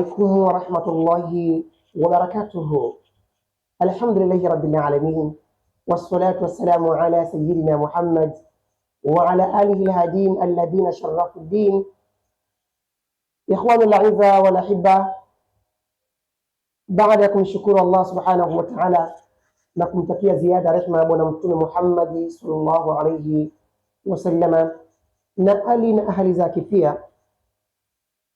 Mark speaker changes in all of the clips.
Speaker 1: عليكم ورحمة الله وبركاته الحمد لله رب العالمين والصلاة والسلام على سيدنا محمد وعلى آله الهادين الذين شرفوا الدين إخواني الأعزاء والأحبة بعدكم شكر الله سبحانه وتعالى لكم kumtakia زيادة رحمة ya محمد صلى الله عليه وسلم wasalama أهل ali na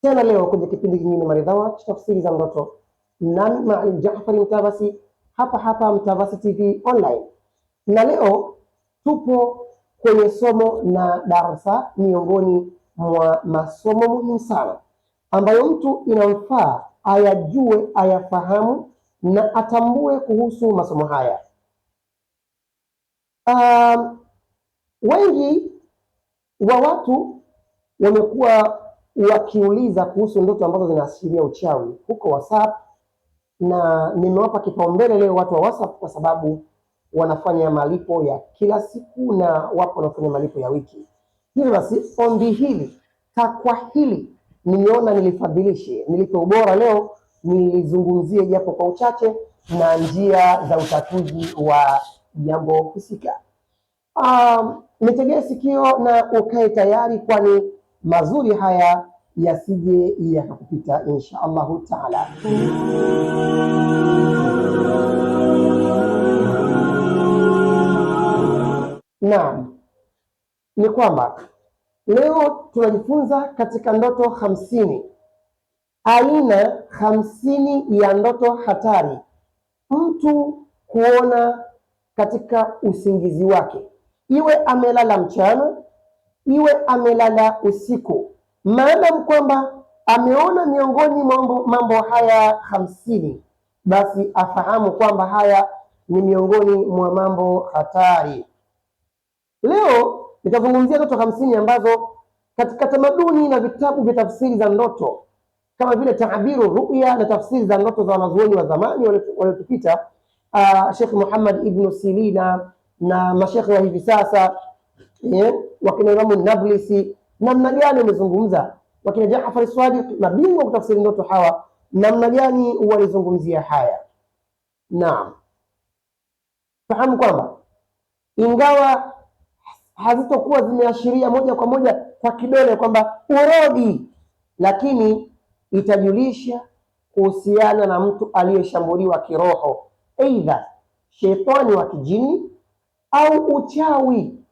Speaker 1: Tena leo kwenye kipindi kingine maridhawa cha tafsiri za ndoto, nami Maalim jafari Mtavassy hapa hapa Mtavassy TV online, na leo tupo kwenye somo na darasa miongoni mwa masomo muhimu sana ambayo mtu inamfaa ayajue, ayafahamu na atambue kuhusu masomo haya. Um, wengi wa watu wamekuwa wakiuliza kuhusu ndoto ambazo zinaashiria uchawi huko WhatsApp, na nimewapa kipaumbele leo watu wa WhatsApp kwa sababu wanafanya malipo ya kila siku na wapo wanaofanya malipo ya wiki. Hivyo basi, ombi hili, takwa hili nimeona nilifadhilishe, nilipe ubora leo, nilizungumzie japo kwa uchache na njia za utatuzi wa jambo husika. Um, nitegee sikio na ukae tayari, kwani mazuri haya yasije yakakupita insha Allahu taala. Naam, ni kwamba leo tunajifunza katika ndoto hamsini, aina hamsini ya ndoto hatari mtu kuona katika usingizi wake, iwe amelala mchana iwe amelala usiku, maadamu kwamba ameona miongoni mambo, mambo haya hamsini, basi afahamu kwamba haya ni miongoni mwa mambo hatari. Leo nitazungumzia ndoto hamsini ambazo katika tamaduni na vitabu vya tafsiri za ndoto kama vile taabiru ruya na tafsiri za ndoto za wanazuoni wa zamani waliotupita, uh, Sheikh Muhammad ibnu Sirina na mashekhe wa hivi sasa yeah wakina Imamu Nablisi namna gani wamezungumza, wakina Jaafar Swadiq mabingwa kutafsiri ndoto hawa namna gani walizungumzia haya. Naam, fahamu kwamba ingawa hazitokuwa zimeashiria moja kwa moja kwa kidole kwamba urodi, lakini itajulisha kuhusiana na mtu aliyeshambuliwa kiroho, aidha shetani wa kijini au uchawi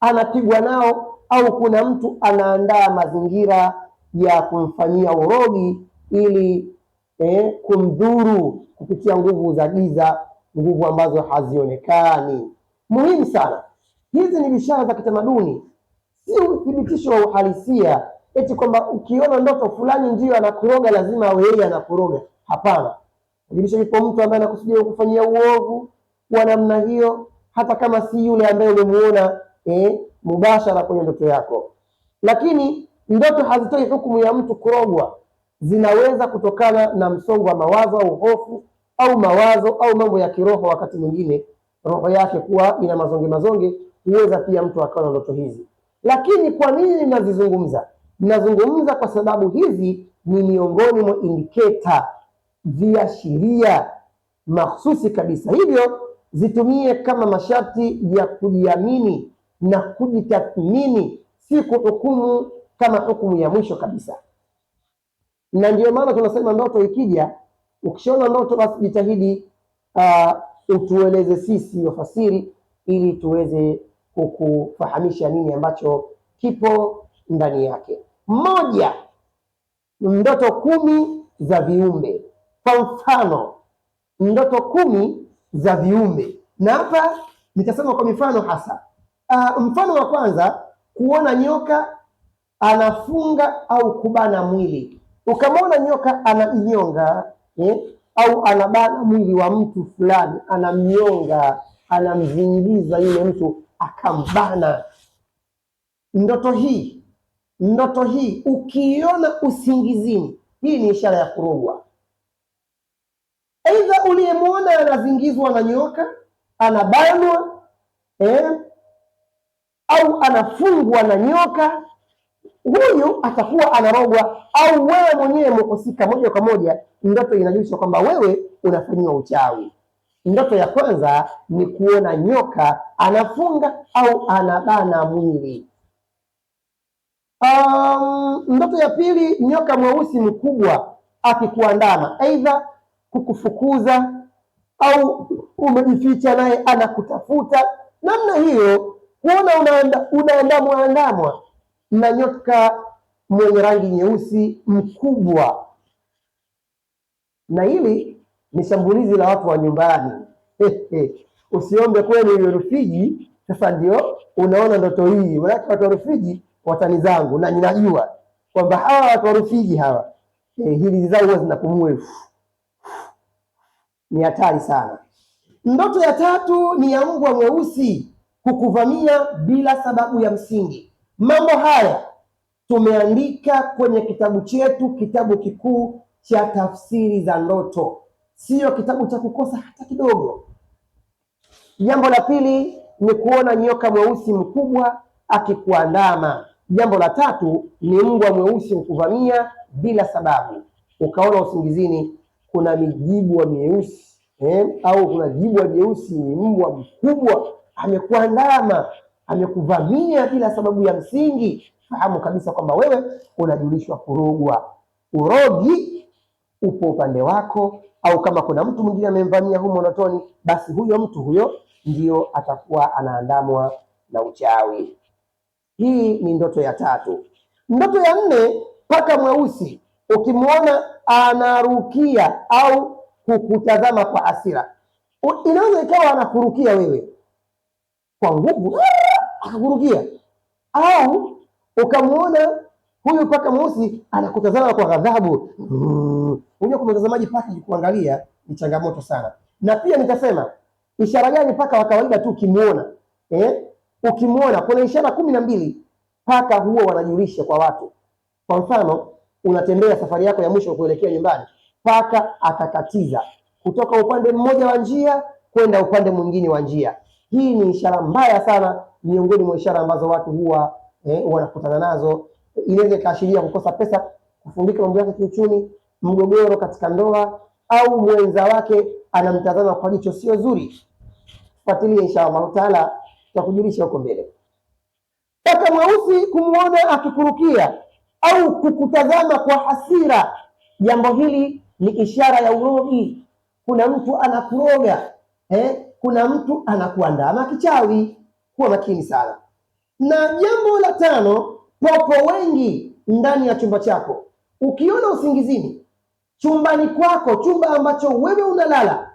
Speaker 1: anapigwa nao, au kuna mtu anaandaa mazingira ya kumfanyia urogi ili eh, kumdhuru kupitia nguvu za giza, nguvu ambazo hazionekani. Muhimu sana hizi, ni bishara za kitamaduni, si uthibitisho wa uhalisia eti kwamba ukiona ndoto fulani ndiyo anakuroga, lazima awe yeye anakuroga. Hapana, ajulisha yupo mtu ambaye anakusudia kufanyia uovu wa namna hiyo, hata kama si yule ambaye umemuona eh, mubashara kwenye ndoto yako. Lakini ndoto hazitoi hukumu ya mtu kurogwa, zinaweza kutokana na msongo wa mawazo au hofu au mawazo au mambo ya kiroho. Wakati mwingine roho yake kuwa ina mazonge mazonge, huweza pia mtu akawa na ndoto hizi. Lakini kwa nini ninazizungumza? Ninazungumza kwa sababu hizi ni miongoni mwa indiketa, viashiria mahususi kabisa, hivyo zitumie kama masharti ya kujiamini na kujitathmini, si kuhukumu kama hukumu ya mwisho kabisa. Na ndiyo maana tunasema ndoto ikija, ukishaona ndoto basi jitahidi uh, utueleze sisi wafasiri, ili tuweze kukufahamisha nini ambacho kipo ndani yake. Moja, ndoto kumi za viumbe. Kwa mfano, ndoto kumi za viumbe, na hapa nitasema kwa mifano hasa Uh, mfano wa kwanza kuona nyoka anafunga au kubana mwili. Ukamwona nyoka anamnyonga eh, au anabana mwili wa mtu fulani, anamnyonga, anamzingiza yule mtu akambana. Ndoto hii ndoto hii ukiiona usingizini, hii ni ishara ya kurogwa. Aidha, uliyemwona anazingizwa na nyoka, anabanwa eh, au anafungwa na nyoka, huyu atakuwa anarogwa, au wewe mwenyewe mhusika moja kwa moja, ndoto inajulishwa kwamba wewe unafanyiwa uchawi. Ndoto ya kwanza ni kuona nyoka anafunga au anabana mwili. Um, ndoto ya pili, nyoka mweusi mkubwa akikuandama, aidha kukufukuza au umejificha naye anakutafuta. Namna hiyo kuona unaanda, unaandamwa andamwa na nyoka mwenye rangi nyeusi mkubwa. Na hili ni shambulizi la watu wa nyumbani. Usiombe kwenu hiyo Rufiji. Sasa ndio unaona ndoto hii, manake watu wa Rufiji watani zangu, na ninajua kwamba hawa watu wa Rufiji hawa eh, hili zao huwa zinapumua, ni hatari sana. Ndoto ya tatu ni ya mbwa mweusi kukuvamia bila sababu ya msingi. Mambo haya tumeandika kwenye kitabu chetu, kitabu kikuu cha tafsiri za ndoto, siyo kitabu cha kukosa hata kidogo. Jambo la pili ni kuona nyoka mweusi mkubwa akikuandama. Jambo la tatu ni mbwa mweusi kukuvamia bila sababu, ukaona usingizini kuna mijibwa mieusi eh, au kuna jibwa jeusi, ni mbwa mkubwa amekuandama, amekuvamia bila sababu ya msingi, fahamu kabisa kwamba wewe unajulishwa kurogwa. Urogi upo upande wako, au kama kuna mtu mwingine amemvamia humo notoni, basi huyo mtu huyo ndio atakuwa anaandamwa na uchawi. Hii ni ndoto ya tatu. Ndoto ya nne, paka mweusi ukimwona anarukia au kukutazama kwa asira, inaweza ikawa anakurukia wewe kwa nguvu akakurukia, au ukamwona huyu paka mweusi anakutazama kwa ghadhabu. Hmm. Unajua, kwa mtazamaji paka kuangalia ni changamoto sana, na pia nitasema ishara gani paka wa kawaida tu ukimwona eh? Ukimwona kuna ishara kumi na mbili paka huwa wanajulisha kwa watu. Kwa mfano, unatembea safari yako ya mwisho kuelekea nyumbani, paka atakatiza kutoka upande mmoja wa njia kwenda upande mwingine wa njia. Hii ni ishara mbaya sana, miongoni mwa ishara ambazo watu huwa eh, wanakutana nazo. Inaweza ikaashiria kukosa pesa, kufungika mambo yake kiuchumi, mgogoro katika ndoa, au mwenza wake anamtazama kwa jicho sio zuri. Fuatilia inshallah taala, tutakujulisha huko mbele. Paka mweusi kumwona akikurukia au kukutazama kwa hasira, jambo hili ni ishara ya urogi. Kuna mtu anakuroga eh? kuna mtu anakuandama kichawi. Kuwa makini sana. Na jambo la tano, popo wengi ndani ya chumba chako. Ukiona usingizini, chumbani kwako, chumba ambacho wewe unalala,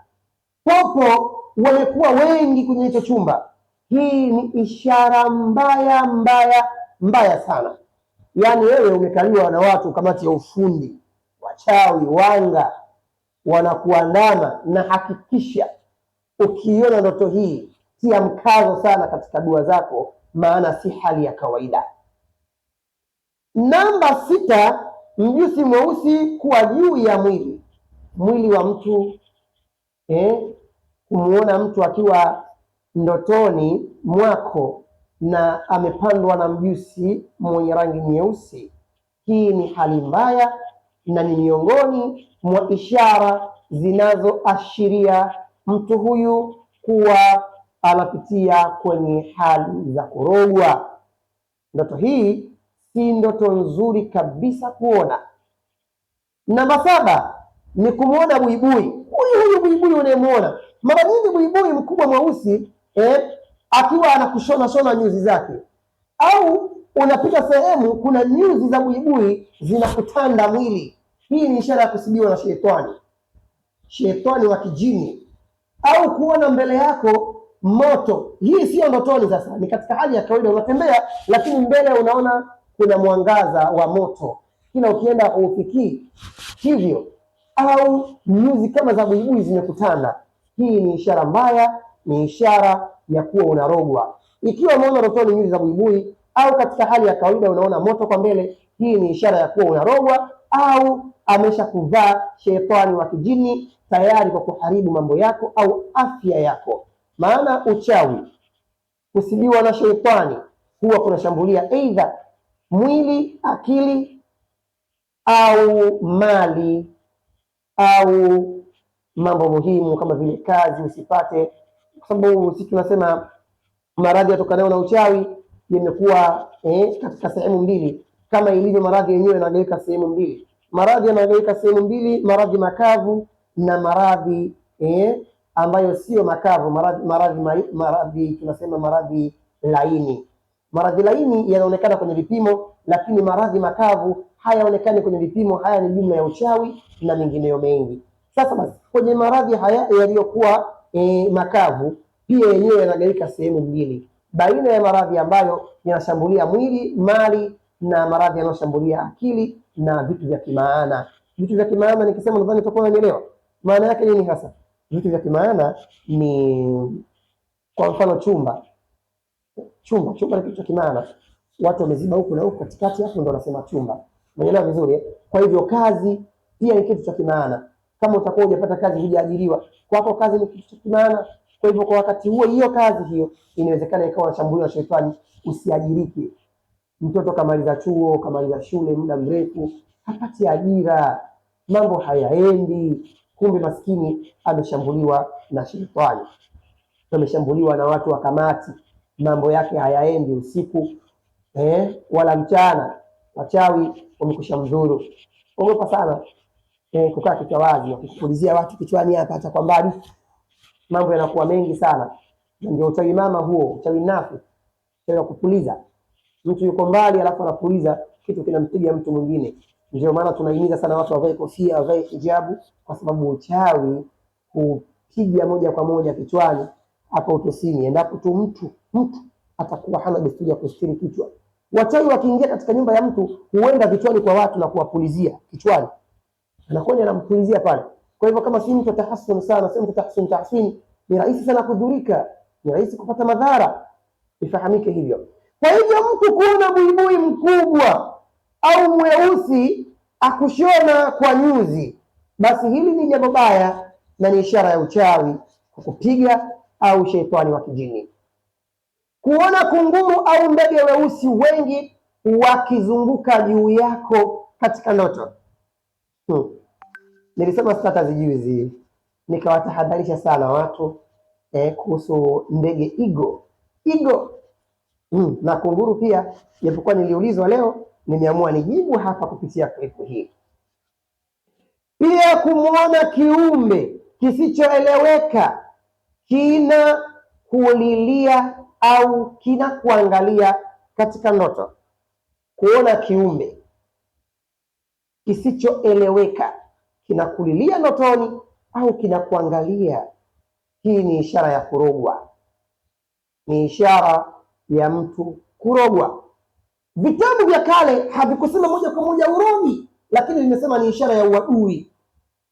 Speaker 1: popo wamekuwa wengi kwenye hicho chumba, hii ni ishara mbaya mbaya mbaya sana. Yaani wewe umekaliwa na watu, kamati ya ufundi, wachawi, wanga wanakuandama, na hakikisha Ukiiona ndoto hii tia mkazo sana katika dua zako, maana si hali ya kawaida. Namba sita, mjusi mweusi kuwa juu ya mwili mwili wa mtu eh, kumuona mtu akiwa ndotoni mwako na amepandwa na mjusi mwenye rangi nyeusi. Hii ni hali mbaya na ni miongoni mwa ishara zinazoashiria mtu huyu kuwa anapitia kwenye hali za kurogwa. Ndoto hii si ndoto nzuri kabisa kuona. Namba saba ni kumwona buibui. Huyu huyu buibui unayemwona mara nyingi, buibui mkubwa mweusi eh, akiwa anakushona shona nyuzi zake, au unapita sehemu kuna nyuzi za buibui zinakutanda mwili. Hii ni ishara ya kusibiwa na shetani, shetani wa kijini au kuona mbele yako moto. Hii sio ndotoni, sasa ni katika hali ya kawaida, unatembea lakini mbele unaona kuna mwangaza wa moto, kila ukienda ufikii hivyo, au nyuzi kama za buibui zimekutana. Hii ni ishara mbaya, ni ishara ya kuwa unarogwa. Ikiwa unaona ndotoni nyuzi za buibui au katika hali ya kawaida unaona moto kwa mbele, hii ni ishara ya kuwa unarogwa au amesha kuvaa shetani wa kijini tayari kwa kuharibu mambo yako au afya yako. Maana uchawi kusibiwa na shetani huwa kunashambulia aidha mwili, akili au mali au mambo muhimu kama vile kazi usipate, kwa sababu sisi tunasema maradhi yatokanayo na uchawi yamekuwa eh, katika sehemu mbili, kama ilivyo maradhi yenyewe yanagawika sehemu mbili maradhi yanayoeleweka sehemu mbili, maradhi makavu na maradhi eh, ambayo sio makavu, maradhi maradhi maradhi tunasema maradhi laini. Maradhi laini yanaonekana kwenye vipimo, lakini maradhi makavu hayaonekani kwenye vipimo. Haya ni jumla ya uchawi na mengineyo mengi. Sasa basi, kwenye maradhi haya yaliyokuwa eh, makavu pia yenyewe yanagawika sehemu mbili, baina ya maradhi ambayo yanashambulia mwili, mali na maradhi yanayoshambulia akili na vitu vya kimaana. Vitu vya kimaana nikisema, nadhani utakuwa unanielewa maana yake nini hasa. Vitu vya kimaana ni kwa mfano chumba, chumba, chumba ni kitu cha kimaana. Watu wameziba huku na huku katikati, hapo ndo wanasema chumba. Umeelewa vizuri? Eh? Kwa hivyo kazi pia ni kitu cha kimaana. Kama utakuwa hujapata kazi, hujaajiriwa, kwako kazi ni kitu cha kimaana. Kwa hivyo kwa wakati huo, hiyo kazi hiyo inawezekana ikawa shambulio la shetani, usiajirike. Mtoto kamaliza chuo, kamaliza shule muda mrefu, hapati ajira, mambo hayaendi. Kumbe maskini ameshambuliwa na shetani, ameshambuliwa na watu wa kamati, mambo yake hayaendi usiku eh, wala mchana. Wachawi wamekusha mdhuru. Ogopa sana eh, kukaa kichwa wazi na kukupulizia watu kichwani hapa, hata kwa mbali, mambo yanakuwa mengi sana. Ndio uchawi mama huo, uchawi nafu, uchawi wa kupuliza mtu yuko mbali, alafu anapuliza kitu kinampiga mtu mwingine. Ndio maana tunahimiza sana watu wavae kofia, wavae hijabu, kwa sababu uchawi hupiga moja kwa moja kichwani hapa utosini, endapo tu mtu mtu atakuwa hana desturi ya kustiri kichwa. Wachawi wakiingia katika nyumba ya mtu huenda vichwani kwa watu na kuwapulizia kichwani, anakwenda anampulizia pale. Kwa hivyo kama si mtu tahasun sana, si mtu tahasun tahsini, ni rahisi sana kudhurika, ni rahisi kupata madhara. Ifahamike hivyo. Kwa hivyo mtu kuona buibui mkubwa au mweusi akushona kwa nyuzi, basi hili ni jambo baya na ni ishara ya uchawi, kukupiga au shetani wa kijini. Kuona kunguru au ndege weusi wengi wakizunguka juu yako katika ndoto hmm. Nilisema satazijuzi nikawatahadharisha sana watu eh, kuhusu ndege igo igo Mm, na kunguru pia japokuwa niliulizwa leo, nimeamua nijibu hapa kupitia klipu hii. Pia kumwona kiumbe kisichoeleweka kina kulilia au kina kuangalia katika ndoto. Kuona kiumbe kisichoeleweka kinakulilia ndotoni au kinakuangalia, hii ni ishara ya kurogwa, ni ishara ya mtu kurogwa. Vitabu vya kale havikusema moja kwa moja urogi, lakini vimesema ni ishara ya uadui.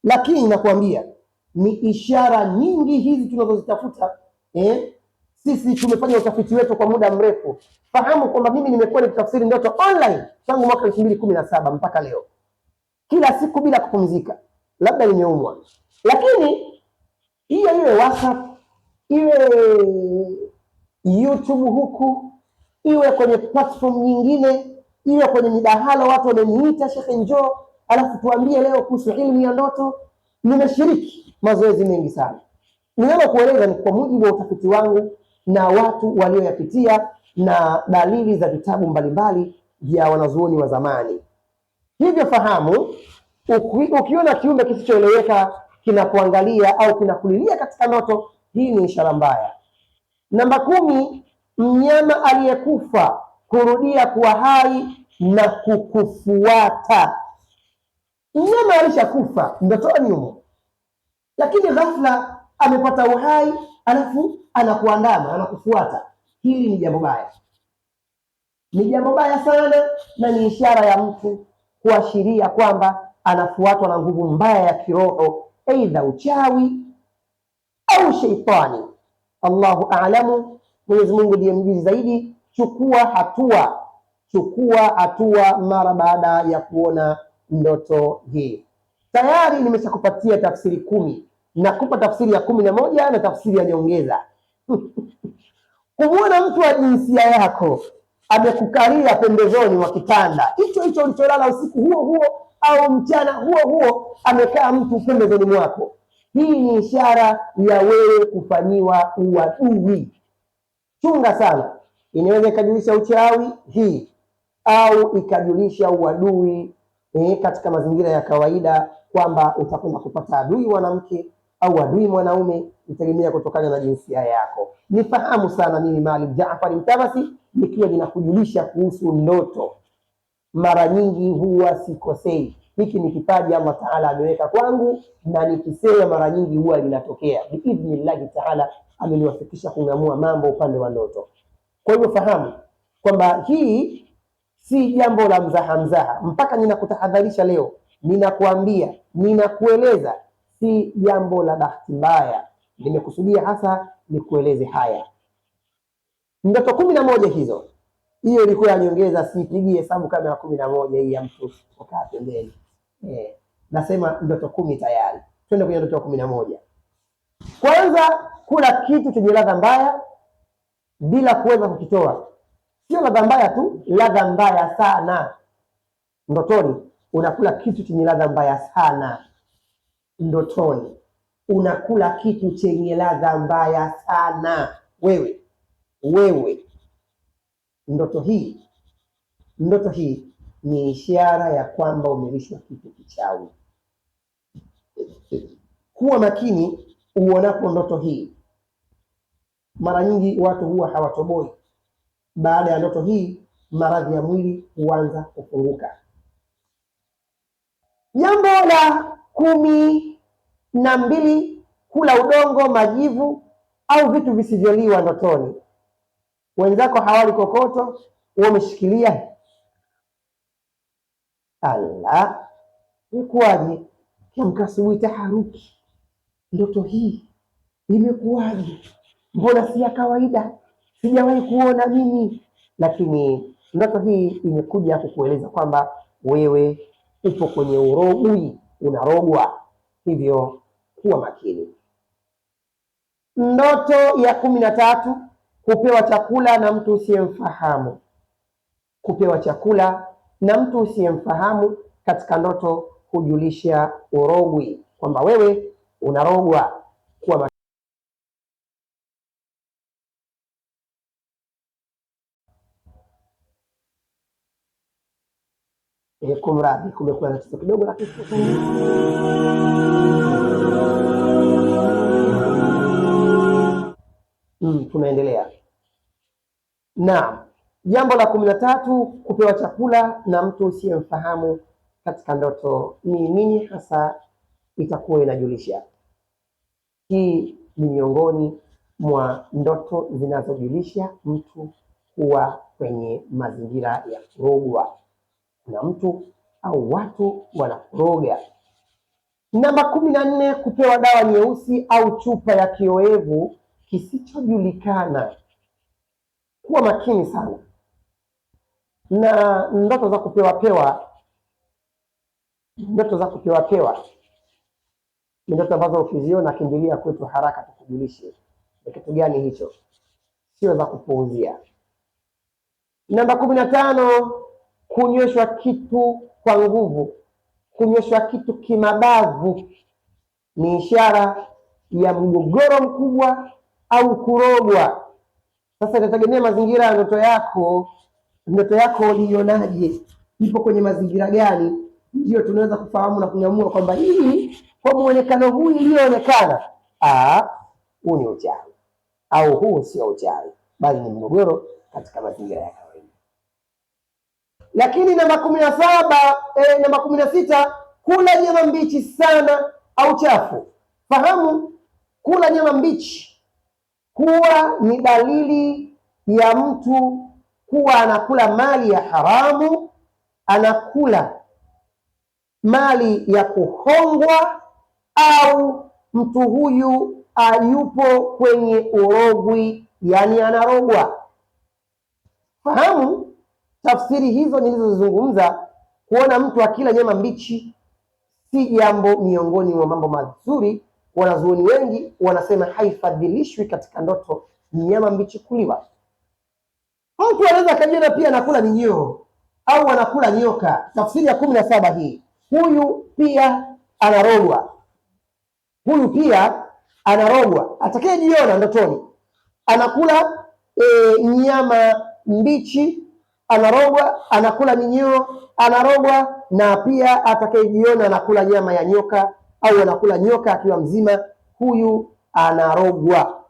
Speaker 1: Lakini nakwambia ni ishara nyingi hizi tunazozitafuta eh? Sisi tumefanya utafiti wetu kwa muda mrefu. Fahamu kwamba mimi nimekuwa nikitafsiri ndoto online tangu mwaka elfu mbili kumi na saba mpaka leo, kila siku bila kupumzika, labda nimeumwa, lakini hiyo iwe WhatsApp iwe YouTube huku, iwe kwenye platform nyingine, iwe kwenye midahalo, watu wameniita shekhe, njoo alafu tuambie leo kuhusu ilmu ya ndoto. Nimeshiriki mazoezi mengi sana, ninalokueleza ni kwa mujibu wa utafiti wangu na watu walioyapitia na dalili za vitabu mbalimbali vya wanazuoni wa zamani. Hivyo fahamu, ukiona kiumbe kisichoeleweka kinakuangalia au kinakulilia katika ndoto, hii ni ishara mbaya. Namba kumi, mnyama aliyekufa kurudia kuwa hai na kukufuata. Mnyama alishakufa ndotoni humo, lakini ghafla amepata uhai, alafu anakuandama anakufuata. Hili ni jambo baya, ni jambo baya sana, na ni ishara ya mtu kuashiria kwamba anafuatwa na nguvu mbaya ya kiroho, aidha uchawi au sheitani. Allahu alamu Mwenyezi Mungu ndiye mjuzi zaidi. Chukua hatua, chukua hatua mara baada ya kuona ndoto hii. Tayari nimeshakupatia tafsiri kumi, nakupa tafsiri ya kumi na moja na tafsiri ya nyongeza. Kumwona mtu wa jinsia yako amekukalia pembezoni mwa kitanda hicho hicho ulicholala usiku huo huo au mchana huo huo, amekaa mtu pembezoni mwako hii ni ishara ya wewe kufanyiwa uadui. Chunga sana, inaweza ikajulisha uchawi hii au ikajulisha uadui eh, katika mazingira ya kawaida kwamba utakwenda kupata adui mwanamke au adui mwanaume, itegemea kutokana na jinsia yako. Nifahamu sana mimi Maalim Jaafar Mtavassy nikiwa ninakujulisha kuhusu ndoto, mara nyingi huwa sikosei. Hiki ni kipaji Allah taala ameweka kwangu, na nikisema mara nyingi huwa linatokea. Biidhnillahi taala ameniwafikisha kung'amua mambo upande wa ndoto. Kwa hiyo fahamu kwamba hii si jambo la mzaha mzaha, mpaka ninakutahadharisha leo, ninakuambia, ninakueleza, si jambo la bahati mbaya. Nimekusudia hasa nikueleze haya. Ndoto kumi na moja hizo, hiyo ilikuwa ya nyongeza, siipigie hesabu kama ya kumi na moja hii ya mtu ukaa pembeni. Eh, nasema ndoto kumi tayari. Twende kwenye ndoto kumi na moja. Kwanza, kula kitu chenye ladha mbaya bila kuweza kukitoa. Sio ladha mbaya tu, ladha mbaya sana. Ndotoni unakula kitu chenye ladha mbaya sana. Ndotoni unakula kitu chenye ladha mbaya sana. Wewe wewe, ndoto hii, ndoto hii ni ishara ya kwamba umelishwa kitu kichawi. Kuwa makini uonapo ndoto hii. Mara nyingi watu huwa hawatoboi. Baada ya ndoto hii, maradhi ya mwili huanza kufunguka. Jambo la kumi na mbili, kula udongo, majivu au vitu visivyoliwa ndotoni. Wenzako hawali kokoto, wewe umeshikilia Ala, imekuwaje Kiamka asubuhi taharuki, ndoto hii imekuwaje? Mbona si ya kawaida, sijawahi kuona mimi. Lakini ndoto hii imekuja kukueleza kwamba wewe upo kwenye urogui, unarogwa, hivyo kuwa makini. Ndoto ya kumi na tatu: kupewa chakula na mtu usiyemfahamu. Kupewa chakula na mtu usiyemfahamu katika ndoto hujulisha urogwi, kwamba wewe unarogwa kuwa E, kumradhi, kumekuwa na tatizo kidogo lakini mm, tunaendelea. Naam, Jambo la kumi na tatu, kupewa chakula na mtu usiyemfahamu katika ndoto. Ni nini hasa itakuwa inajulisha? Hii ni miongoni mwa ndoto zinazojulisha mtu kuwa kwenye mazingira ya kurogwa. Kuna mtu au watu wanakuroga Namba kumi na nne, kupewa dawa nyeusi au chupa ya kioevu kisichojulikana. Kuwa makini sana na ndoto za kupewa pewa, ndoto za kupewa pewa ni ndoto ambazo ukiziona kimbilia kwetu haraka, tukujulishe ni kitu gani hicho, sio za kupuuzia. Namba kumi na tano, kunyweshwa kitu kwa nguvu. Kunyweshwa kitu kimabavu ni ishara ya mgogoro mkubwa au kurogwa. Sasa itategemea mazingira ya ndoto yako ndoto yako ulionaje, ipo kwenye mazingira gani, ndio tunaweza kufahamu na kunyamua kwamba hii kwa muonekano huu iliyoonekana, huu ni uchawi au huu sio uchawi, bali ni mgogoro katika mazingira ya kawaida. Lakini namba kumi na saba e, namba kumi na sita kula nyama mbichi sana au chafu. Fahamu, kula nyama mbichi kuwa ni dalili ya mtu huwa anakula mali ya haramu, anakula mali ya kuhongwa, au mtu huyu ayupo kwenye urogwi, yani anarogwa. Fahamu tafsiri hizo nilizozizungumza. Kuona mtu akila nyama mbichi si jambo miongoni mwa mambo mazuri. Wanazuoni wengi wanasema haifadhilishwi katika ndoto nyama mbichi kuliwa mtu anaweza akajiona pia anakula minyoo au anakula nyoka. Tafsiri ya kumi na saba hii, huyu pia anarogwa, huyu pia anarogwa. Atakayejiona ndotoni anakula e, nyama mbichi anarogwa, anakula minyoo anarogwa, na pia atakayejiona anakula nyama ya nyoka au anakula nyoka akiwa mzima, huyu anarogwa.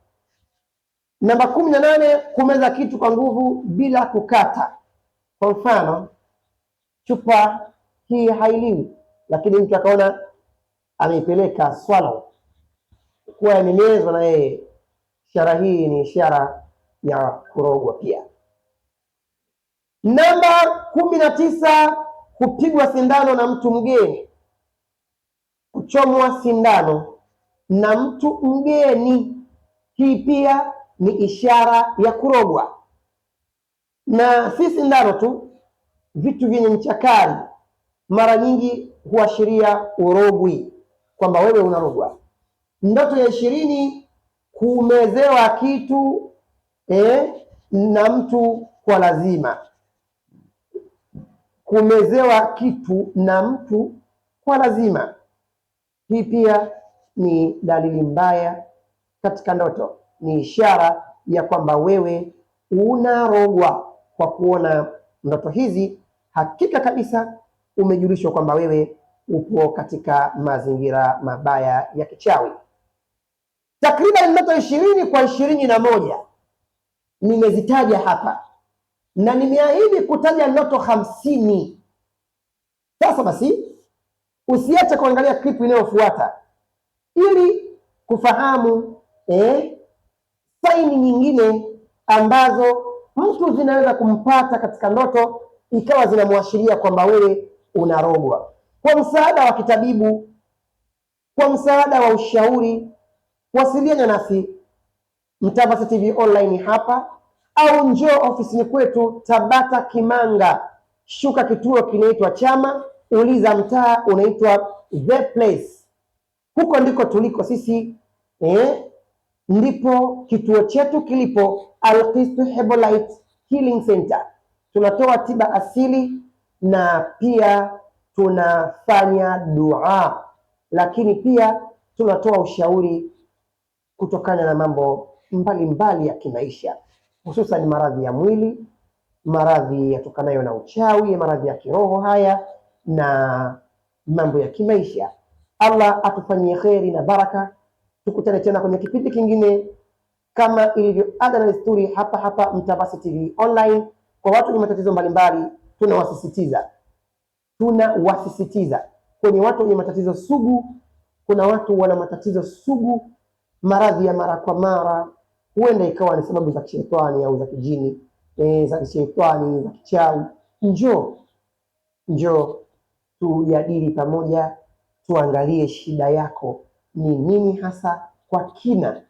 Speaker 1: Namba kumi na nane, kumeza kitu kwa nguvu bila kukata. Kwa mfano, chupa hii hailiwi, lakini mtu akaona ameipeleka swala kuwa yamemezwa na yeye, ishara hii ni ishara ya kurogwa pia. Namba kumi na tisa, kupigwa sindano na mtu mgeni, kuchomwa sindano na mtu mgeni, hii pia ni ishara ya kurogwa. Na sisi ndaro tu vitu vyenye ncha kali mara nyingi huashiria urogwi, kwamba wewe unarogwa. Ndoto ya ishirini, kumezewa kitu eh, na mtu kwa lazima. Kumezewa kitu na mtu kwa lazima, hii pia ni dalili mbaya katika ndoto ni ishara ya kwamba wewe unarogwa kwa kuona ndoto hizi. Hakika kabisa umejulishwa kwamba wewe upo katika mazingira mabaya ya kichawi. Takriban ndoto ishirini kwa ishirini na moja nimezitaja hapa na nimeahidi kutaja ndoto hamsini. Sasa basi, usiache kuangalia klipu inayofuata ili kufahamu eh, saini nyingine ambazo mtu zinaweza kumpata katika ndoto ikawa zinamwashiria kwamba wewe unarogwa. Kwa msaada wa kitabibu, kwa msaada wa ushauri, wasiliana nasi Mtavassy TV online hapa au njoo ofisini kwetu Tabata Kimanga, shuka kituo kinaitwa Chama, uliza mtaa unaitwa The Place. Huko ndiko tuliko sisi eh? ndipo kituo chetu kilipo Alqist Herbalife Healing Center. Tunatoa tiba asili na pia tunafanya dua, lakini pia tunatoa ushauri kutokana na mambo mbalimbali mbali ya kimaisha, hususan maradhi ya mwili, maradhi yatokanayo na uchawi, maradhi ya kiroho haya na mambo ya kimaisha. Allah atufanyie kheri na baraka. Tukutane tena kwenye kipindi kingine kama ilivyo ada na desturi, hapa hapa Mtavassy TV online. Kwa watu wenye matatizo mbalimbali, tunawasisitiza tunawasisitiza kwenye watu wenye matatizo sugu. Kuna watu wana matatizo sugu, maradhi ya mara kwa mara, huenda ikawa ni sababu za kishetani au za kijini e, za kishetani za kichawi. Njoo, njoo tujadili pamoja, tuangalie shida yako ni nini hasa kwa kina,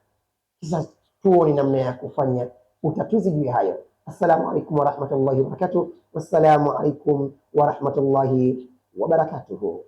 Speaker 1: kisha tuone namna ya kufanya utatuzi juu ya hayo. Assalamu alaikum warahmatullahi wabarakatuh. Wassalamu alaikum warahmatullahi wabarakatuhu.